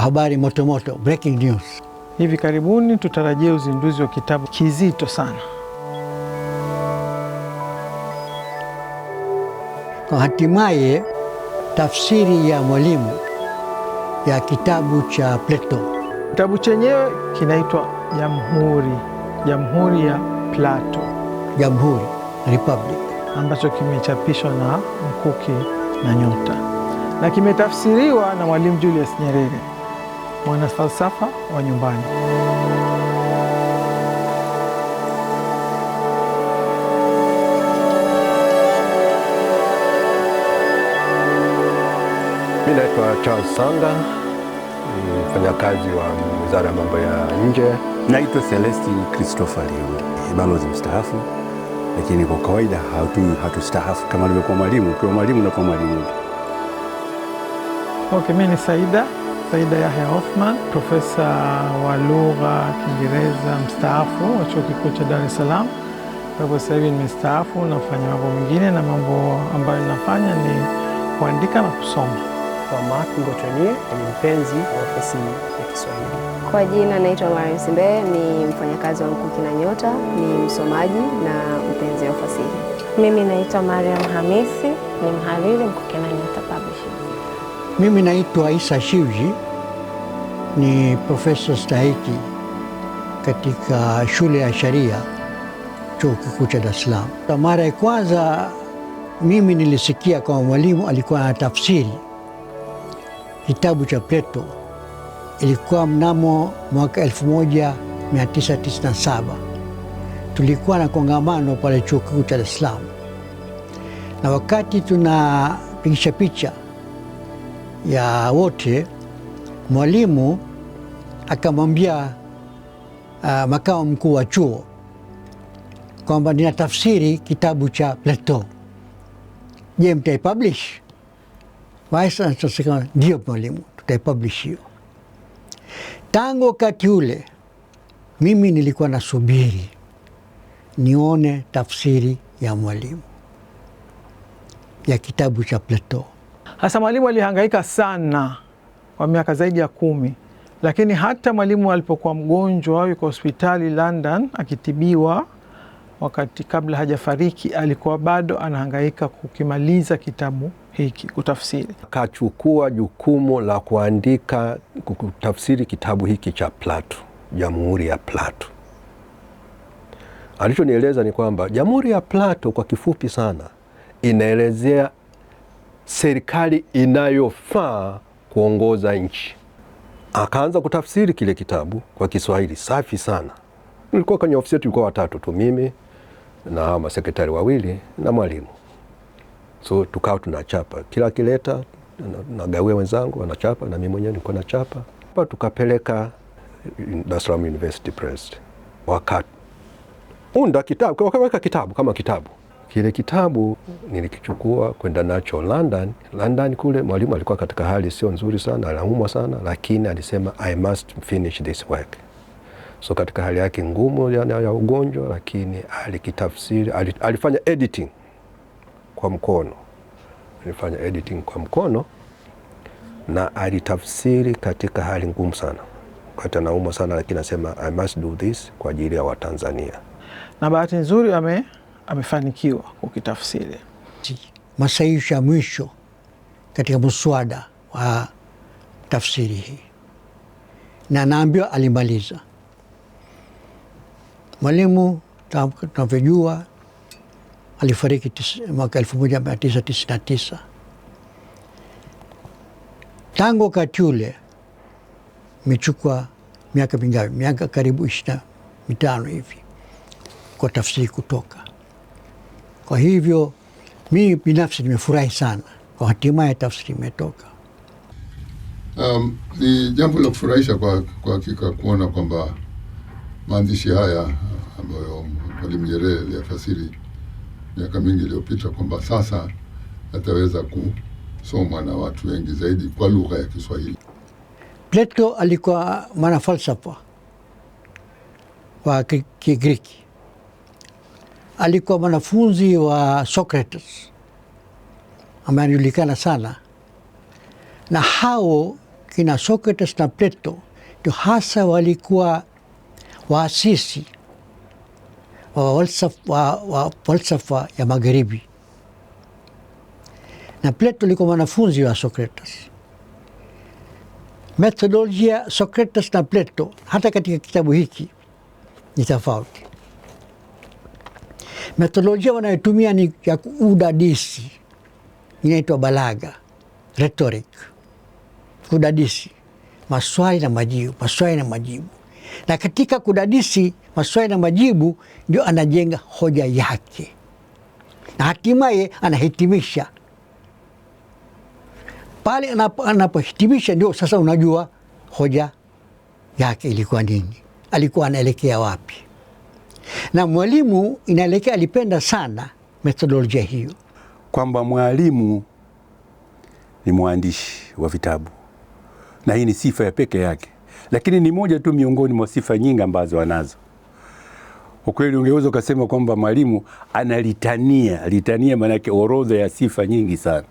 habari moto moto, breaking news. Hivi karibuni tutarajia uzinduzi wa kitabu kizito sana. Kwa hatimaye tafsiri ya Mwalimu ya kitabu cha Plato. Kitabu chenyewe kinaitwa Jamhuri, Jamhuri ya Plato, Jamhuri, Republic, ambacho kimechapishwa na Mkuki na Nyota na kimetafsiriwa na Mwalimu Julius Nyerere mwanafalsafa wa nyumbani. Mi naitwa Charles Sanga, ni mfanyakazi wa wizara ya mambo ya nje. Naitwa Celesti Christopher Liundi, balozi mstaafu, lakini kwa kawaida hatustaafu hatu kama alivyokuwa mwalimu. Ukiwa mwalimu unakuwa mwalimu. Okay, mi ni Saida Saida Yahya Hoffman, profesa wa lugha Kiingereza mstaafu wa chuo kikuu cha Dar es Salaam. Kwa hivyo sasa hivi nimestaafu, nafanya mambo mengine, na mambo ambayo ninafanya ni kuandika na kusoma. Kwa Mark Ngotonie ni mpenzi wa ofisi ya Kiswahili. Kwa jina naitwa Mariam simbee ni mfanyakazi wa Mkuki na Nyota, ni msomaji na mpenzi wa fasihi. Mimi naitwa Mariam Hamisi, ni mhariri Mkuki na Nyota. Mimi naitwa Isa Shivji, ni profesa stahiki katika shule ya sheria chuo kikuu cha Dar es Salaam. mara ya kwanza mimi nilisikia kama mwalimu alikuwa na tafsiri kitabu cha Plato, ilikuwa mnamo mwaka 1997 tulikuwa na kongamano pale chuo kikuu cha Dar es Salaam, na wakati tunapigisha picha ya wote, mwalimu akamwambia uh, makao mkuu wa chuo kwamba nina tafsiri kitabu cha Plato, je, mtaipublish? ndio mwalimu, tutaipublish hiyo. Tangu wakati ule mimi nilikuwa nasubiri nione tafsiri ya mwalimu ya kitabu cha Plato. Hasa Mwalimu alihangaika sana kwa miaka zaidi ya kumi, lakini hata Mwalimu alipokuwa mgonjwa yuko hospitali London akitibiwa, wakati kabla hajafariki alikuwa bado anahangaika kukimaliza kitabu hiki, kutafsiri. Akachukua jukumu la kuandika, kutafsiri kitabu hiki cha Plato, Jamhuri ya Plato. Alichonieleza ni kwamba Jamhuri ya Plato kwa kifupi sana inaelezea serikali inayofaa kuongoza nchi. Akaanza kutafsiri kile kitabu kwa Kiswahili safi sana. Nilikuwa kwenye ofisi yetu, tulikuwa watatu tu, mimi na masekretari wawili na mwalimu. So tukawa tunachapa kila kileta, nagawia wenzangu wanachapa, na mimi mwenyewe nilikuwa nachapa pa, tukapeleka Dar es Salaam University Press, unda kitabu, wakaweka kitabu kama kitabu Kile kitabu nilikichukua kwenda nacho London. London kule mwalimu alikuwa katika hali sio nzuri sana, anaumwa sana, lakini alisema I must finish this work. So katika hali yake ngumu ya, ya ugonjwa, lakini alikitafsiri, alifanya editing kwa mkono, alifanya editing kwa mkono na alitafsiri katika hali ngumu sana, wakati anaumwa sana, lakini anasema I must do this kwa ajili ya Watanzania, na bahati nzuri ame amefanikiwa kukitafsiri. Masahihisho ya mwisho katika mswada wa tafsiri hii, na naambiwa alimaliza mwalimu. Tunavyojua alifariki mwaka elfu moja mia tisa tisa Tangu wakati ule imechukua miaka mingapi? Miaka karibu ishirini na mitano hivi kwa tafsiri kutoka kwa hivyo mi binafsi nimefurahi sana kwa hatimaye tafsiri imetoka. Um, ni jambo la kufurahisha kwa kwa hakika kuona kwamba maandishi haya ambayo Mwalimu Nyerere aliyafasiri miaka mingi iliyopita kwamba sasa ataweza kusomwa na watu wengi zaidi kwa lugha ya Kiswahili. Plato alikuwa mwanafalsafa wa Kigiriki alikuwa mwanafunzi wa Socrates ambaye anajulikana sana, na hao kina Socrates na Plato ndio hasa walikuwa waasisi wa falsafa wa, wa ya Magharibi, na Plato alikuwa mwanafunzi wa Socrates. Methodolojia Socrates na Plato hata katika kitabu hiki ni tofauti. Metodolojia wanayotumia ni ya udadisi, inaitwa balaga rhetoric, kudadisi maswali na majibu, maswali na majibu. Na katika kudadisi maswali na majibu ndio anajenga hoja yake na hatimaye anahitimisha pale anapohitimisha, ndio sasa unajua hoja yake ilikuwa nini, alikuwa anaelekea wapi na Mwalimu inaelekea alipenda sana methodolojia hiyo, kwamba mwalimu ni mwandishi wa vitabu, na hii ni sifa ya pekee yake, lakini ni moja tu miongoni mwa sifa nyingi ambazo anazo. Ukweli ungeweza ukasema kwamba mwalimu analitania litania, maanake orodha ya sifa nyingi sana,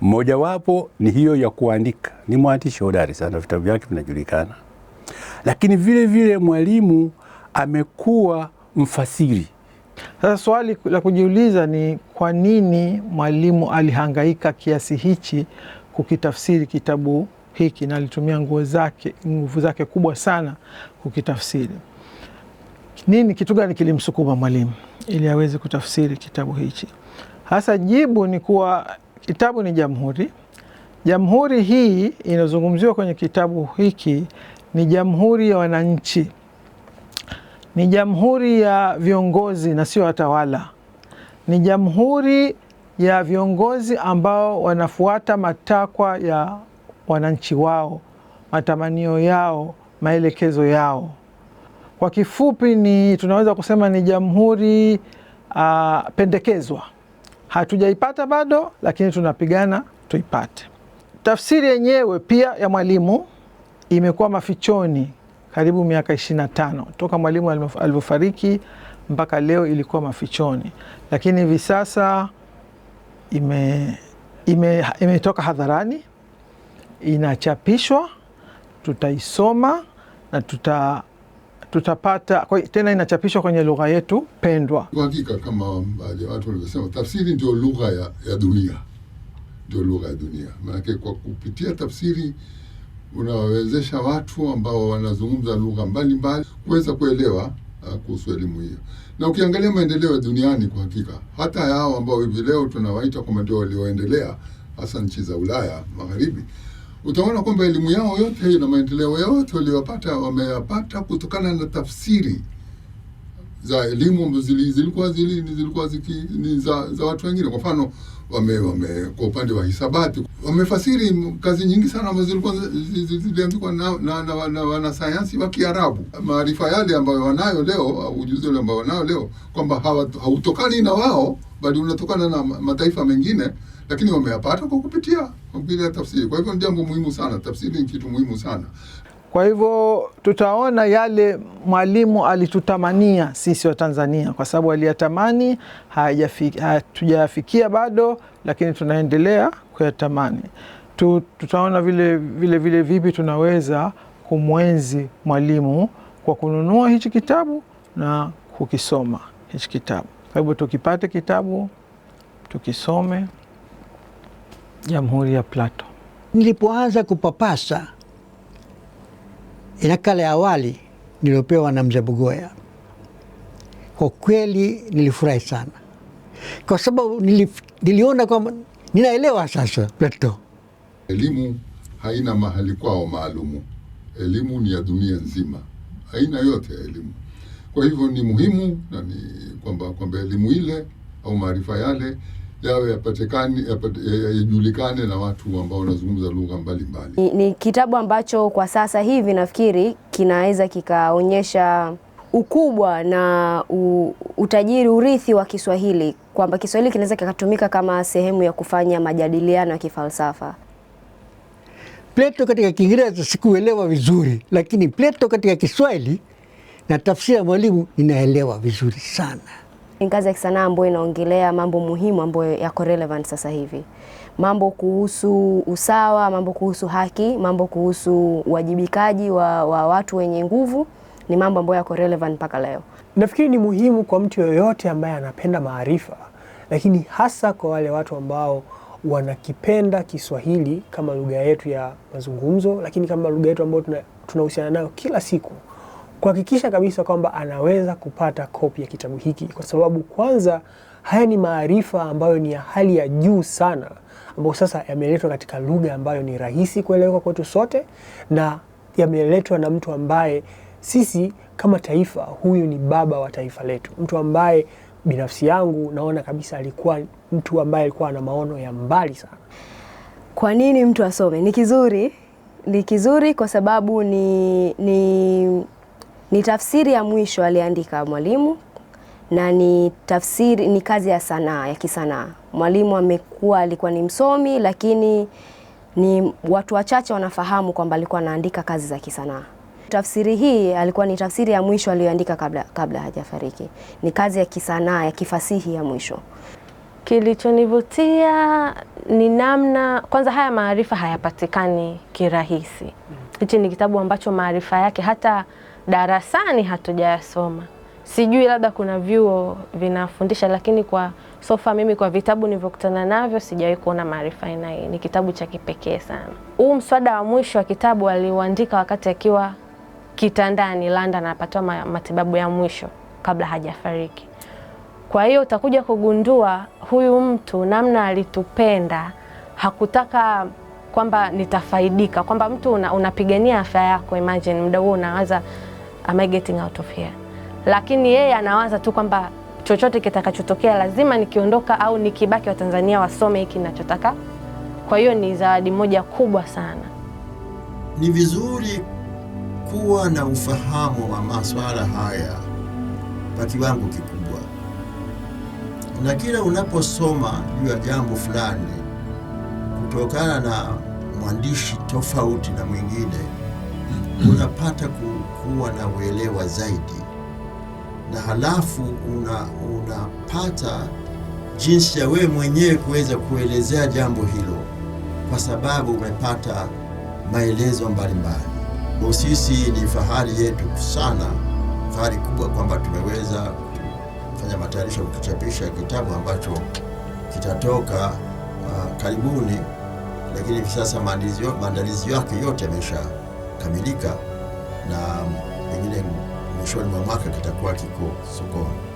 mmojawapo ni hiyo ya kuandika. Ni mwandishi hodari sana, vitabu vyake vinajulikana, lakini vile vile mwalimu amekuwa mfasiri. Sasa swali la kujiuliza ni kwa nini mwalimu alihangaika kiasi hichi kukitafsiri kitabu hiki na alitumia nguvu zake, nguvu zake kubwa sana kukitafsiri. Nini, kitu gani kilimsukuma mwalimu ili aweze kutafsiri kitabu hichi? Hasa jibu ni kuwa kitabu ni jamhuri. Jamhuri hii inayozungumziwa kwenye kitabu hiki ni jamhuri ya wananchi ni jamhuri ya viongozi na sio watawala. Ni jamhuri ya viongozi ambao wanafuata matakwa ya wananchi wao, matamanio yao, maelekezo yao. Kwa kifupi, ni tunaweza kusema ni jamhuri uh, pendekezwa. Hatujaipata bado, lakini tunapigana tuipate. Tafsiri yenyewe pia ya Mwalimu imekuwa mafichoni karibu miaka 25 toka mwalimu alivyofariki mpaka leo ilikuwa mafichoni, lakini hivi sasa ime imetoka ime hadharani, inachapishwa, tutaisoma na tuta tutapata kwa, tena inachapishwa kwenye lugha yetu pendwa. Kwa hakika kama baadhi eh, ya watu walivyosema, tafsiri ndio lugha ya, ya dunia, ndio lugha ya dunia, maanake kwa kupitia tafsiri unawawezesha watu ambao wanazungumza lugha mbalimbali kuweza kuelewa uh, kuhusu elimu hiyo. Na ukiangalia maendeleo ya duniani, kwa hakika hata hao ambao hivi leo tunawaita kwamba ndio walioendelea, hasa nchi za Ulaya Magharibi, utaona kwamba elimu yao yote na maendeleo yote waliyopata wameyapata kutokana na tafsiri za elimu zilikuwa zili, zilikuwa ziki, ni za, za watu wengine. Kwa mfano wame, wame kwa upande wa hisabati wamefasiri kazi nyingi sana ambazo zilikuwa ziliandikwa na, na, na, na wanasayansi wa Kiarabu. Maarifa yale ambayo wanayo leo, ujuzi ule ambao wanayo leo, kwamba hautokani na wao, bali unatokana na mataifa mengine, lakini wameyapata kwa kupitia kupitia tafsiri. Kwa hivyo ni jambo muhimu sana, tafsiri ni kitu muhimu sana. Kwa hivyo tutaona yale mwalimu alitutamania sisi wa Tanzania, kwa sababu aliyatamani, hatujayafikia bado, lakini tunaendelea kuyatamani. Tutaona vile vile, vile vipi tunaweza kumwenzi mwalimu kwa kununua hichi kitabu na kukisoma hichi kitabu. Kwa hivyo tukipate kitabu tukisome, Jamhuri ya Plato. Nilipoanza kupapasa Nakala ya awali niliopewa na mzee Bugoya, kwa kweli nilifurahi sana, kwa sababu nilif, niliona kwamba ninaelewa sasa. Plato, elimu haina mahali kwao maalumu. Elimu ni ya dunia nzima, aina yote ya elimu. Kwa hivyo ni muhimu na ni kwamba kwamba elimu ile au maarifa yale yawe yapatikane yajulikane na watu ambao wanazungumza lugha mbalimbali. Ni, ni kitabu ambacho kwa sasa hivi nafikiri kinaweza kikaonyesha ukubwa na u, utajiri urithi wa Kiswahili kwamba Kiswahili kinaweza kikatumika kama sehemu ya kufanya majadiliano ya kifalsafa. Plato katika Kiingereza sikuelewa vizuri, lakini Plato katika Kiswahili na tafsiri ya mwalimu inaelewa vizuri sana ni kazi ya kisanaa ambayo inaongelea mambo muhimu ambayo yako relevant sasa hivi, mambo kuhusu usawa, mambo kuhusu haki, mambo kuhusu uwajibikaji wa, wa watu wenye nguvu. Ni mambo ambayo yako relevant mpaka leo. Nafikiri ni muhimu kwa mtu yoyote ambaye anapenda maarifa, lakini hasa kwa wale watu ambao wanakipenda Kiswahili kama lugha yetu ya mazungumzo, lakini kama lugha yetu ambayo tunahusiana nayo kila siku kuhakikisha kabisa kwamba anaweza kupata kopi ya kitabu hiki, kwa sababu kwanza haya ni maarifa ambayo ni ya hali ya juu sana, ambayo sasa yameletwa katika lugha ambayo ni rahisi kuelewa kwetu sote na yameletwa na mtu ambaye sisi kama taifa, huyu ni baba wa taifa letu, mtu ambaye binafsi yangu naona kabisa alikuwa mtu ambaye alikuwa ana maono ya mbali sana. Kwa nini mtu asome? Ni kizuri, ni kizuri kwa sababu ni, ni ni tafsiri ya mwisho aliandika Mwalimu na ni tafsiri, ni kazi ya sanaa ya kisanaa. Mwalimu amekuwa alikuwa ni msomi, lakini ni watu wachache wanafahamu kwamba alikuwa anaandika kazi za kisanaa. Tafsiri hii alikuwa ni tafsiri ya mwisho aliyoandika kabla, kabla hajafariki. Ni kazi ya kisanaa ya kifasihi ya mwisho. Kilichonivutia ni namna kwanza, haya maarifa hayapatikani kirahisi. Hichi ni kitabu ambacho maarifa yake hata darasani hatujayasoma. Sijui labda kuna vyuo vinafundisha, lakini kwa sofa mimi kwa vitabu nilivyokutana navyo sijawahi kuona maarifa aina hii. Ni kitabu cha kipekee sana. Huu mswada wa mwisho wa kitabu aliuandika wakati akiwa kitandani London, anapatiwa matibabu ya mwisho kabla hajafariki. Kwa hiyo utakuja kugundua huyu mtu namna alitupenda, hakutaka kwamba nitafaidika, kwamba mtu unapigania una afya yako. Imagine muda huo unawaza am I getting out of here? Lakini yeye anawaza tu kwamba chochote kitakachotokea lazima nikiondoka au nikibaki Watanzania wasome hiki ninachotaka. Kwa hiyo ni zawadi moja kubwa sana. Ni vizuri kuwa na ufahamu wa masuala haya kwa kiwango kikubwa, na kila unaposoma juu ya jambo fulani kutokana na mwandishi tofauti na mwingine unapata ku kuwa na uelewa zaidi, na halafu unapata una jinsi ya wewe mwenyewe kuweza kuelezea jambo hilo, kwa sababu umepata maelezo mbalimbali. Sisi ni fahari yetu sana, fahari kubwa kwamba tumeweza kufanya matayarisho ya kukichapisha kitabu ambacho kitatoka uh, karibuni, lakini hivi sasa maandalizi yake yote yameshakamilika na pengine mwishoni mwa mwaka kitakuwa kiko sokoni.